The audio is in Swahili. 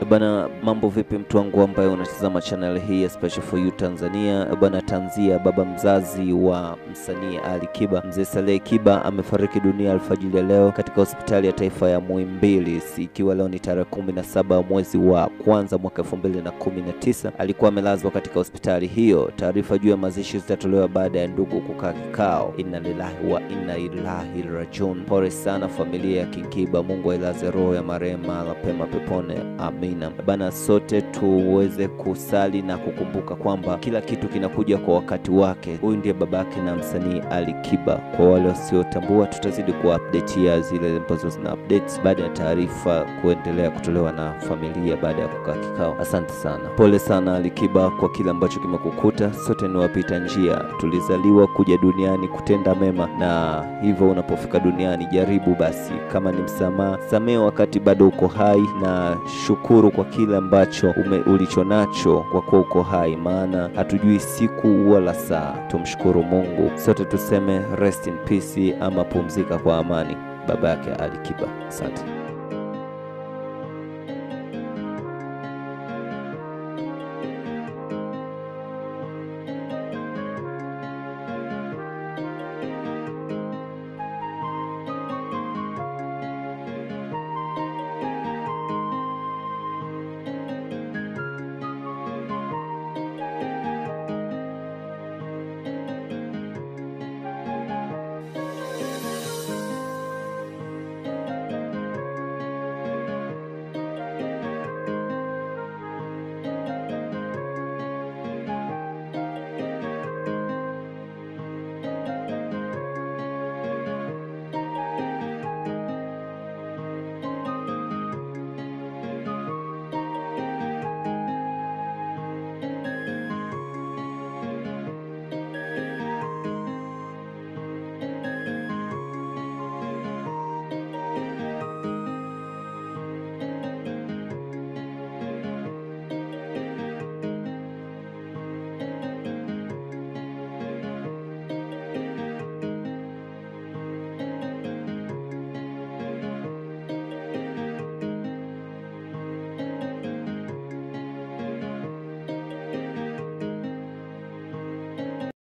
Eh, bana, mambo vipi mtu wangu ambaye unatazama channel hii ya Special for You Tanzania. Eh, bana, tanzia baba mzazi wa msanii Ali Kiba, mzee Saleh Kiba amefariki dunia alfajili ya leo katika hospitali ya taifa ya Muhimbili, ikiwa leo ni tarehe kumi na saba mwezi wa kwanza mwaka elfu mbili na kumi na tisa. Alikuwa amelazwa katika hospitali hiyo. Taarifa juu ya mazishi zitatolewa baada ya ndugu kukaa kikao. Inna lillahi wa inna ilaihi rajiun. Pole sana familia ya Kiba, Mungu ailaze roho ya marehemu mahala pema pepone, amin aina. Bana, sote tuweze kusali na kukumbuka kwamba kila kitu kinakuja kwa wakati wake. Huyu ndiye babake na msanii Ali Kiba. Kwa wale wasiotambua, tutazidi kuwa update ya zile ambazo zina updates baada ya taarifa kuendelea kutolewa na familia baada ya kukaa kikao. Asante sana, pole sana Ali Kiba kwa kile ambacho kimekukuta. Sote ni wapita njia, tulizaliwa kuja duniani kutenda mema, na hivyo unapofika duniani jaribu basi, kama ni msamaha, samehe wakati bado uko hai na shukuru kushukuru kwa kile ambacho ulicho nacho, kwa kuwa uko hai, maana hatujui siku wala saa. Tumshukuru Mungu sote, tuseme rest in peace ama pumzika kwa amani, baba yake Ali Kiba. Asante.